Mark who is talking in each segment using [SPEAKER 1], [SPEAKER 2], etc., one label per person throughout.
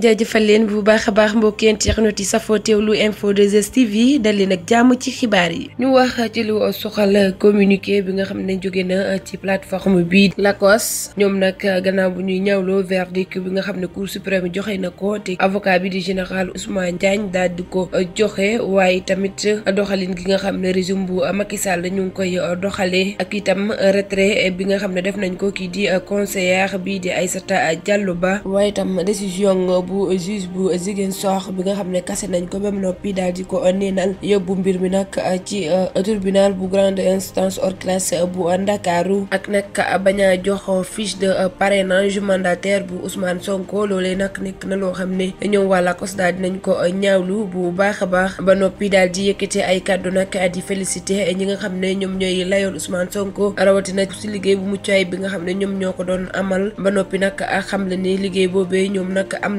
[SPEAKER 1] jaajëfal leen bu baax a baax mbokki internet yi safoo lu info 2S TV dal leen ak jàmm ci xibaar yi. ñu wax ci lu soxal communiqué bi nga xam ne jóge na ci plateforme bii Lacos ñoom nag gannaaw bu ñuy ñaawloo verdict bi nga xam ne cour suprême joxe na ko te avocat bi di général Ousmane Diagne daal di ko joxe waaye tamit doxalin gi nga xam ne régime bu Macky Sall ñu ngi koy doxalee ak itam retrait bi nga xam ne def nañ ko kii di conseillère bii di Aïssata Diallo Ba waaye bu juge bu Ziguinchor bi nga xam ne kase nañ ko ba mu noppi daal di ko neenal yóbbu mbir mi nag uh, ci uh, tribunal bu grande instance hors classe uh, bu Ndakaaru ak nag bañ a jox fiche de parrainage mandataire bu Ousmane Sonko loolee nag nekk na loo xam ne ñoom wàlla kos daal dinañ ko ñaawlu bu baax a baax ba noppi daal di yëkkate ay kàddu nag di félicité ñi nga xam ne ñoom ñooy layoon Ousmane Sonko rawatina ci liggéey bu muccaay bi nga xam ne ñoom ñoo ko doon amal ba noppi nag xam le ni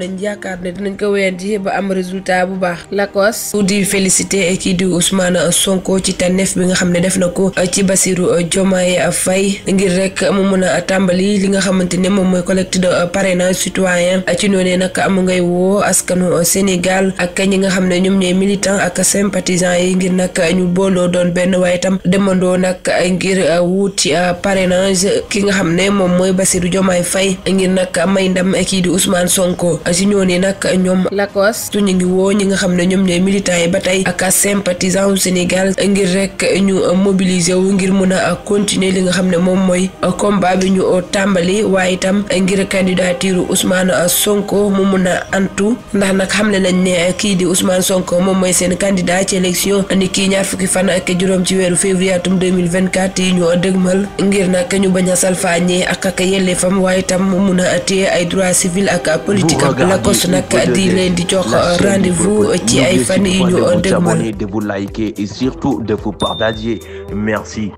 [SPEAKER 1] nañ yaakaar ne dinañ ko wéyandi ba am résultat bu baax lakos di félicité kii di Ousmane Sonko ci tànneef bi nga xam ne def na ko ci Bassirou Diomaye fay ngir rek mu mun a tàmbali li nga xamante ne moom mooy collecte de parrainage citoyen ci noonee nag amu ngay woo askanu Sénégal ak ñi nga xam ne ñoom ñooy militant ak sympathisants yi ngir nag ñu booloo doon benn waaye tam demandoo nag ngir wuuti parrainage ki nga xam ne moom mooy Bassirou Diomaye Faye ngir nag may ndam kii di Ousmane Sonko union ni nak ñom lakos tu ñi ngi wo ñi nga xamne ñom ñoy militants yi batay ak sympathisants au Sénégal ngir rek ñu mobiliser wu ngir mëna continuer li nga xamne mom moy combat bi ñu tambali waye tam ngir candidature Ousmane Sonko mu mëna antu ndax nak xamne nañ ne ki di Ousmane Sonko mom moy sen candidat ci élection ni ki ñaar fukki fan ak juroom ci wéru février 2024 yi ñu dëgmal ngir nak ñu baña salfañé ak ak yelle fam waye tam mu mëna atté ay droits civils ak politique la COS nag di leen di jox euh, rendez-vous ci ay fan yu ñu dégmal.
[SPEAKER 2] de vous liker et surtout de vous partager. Merci.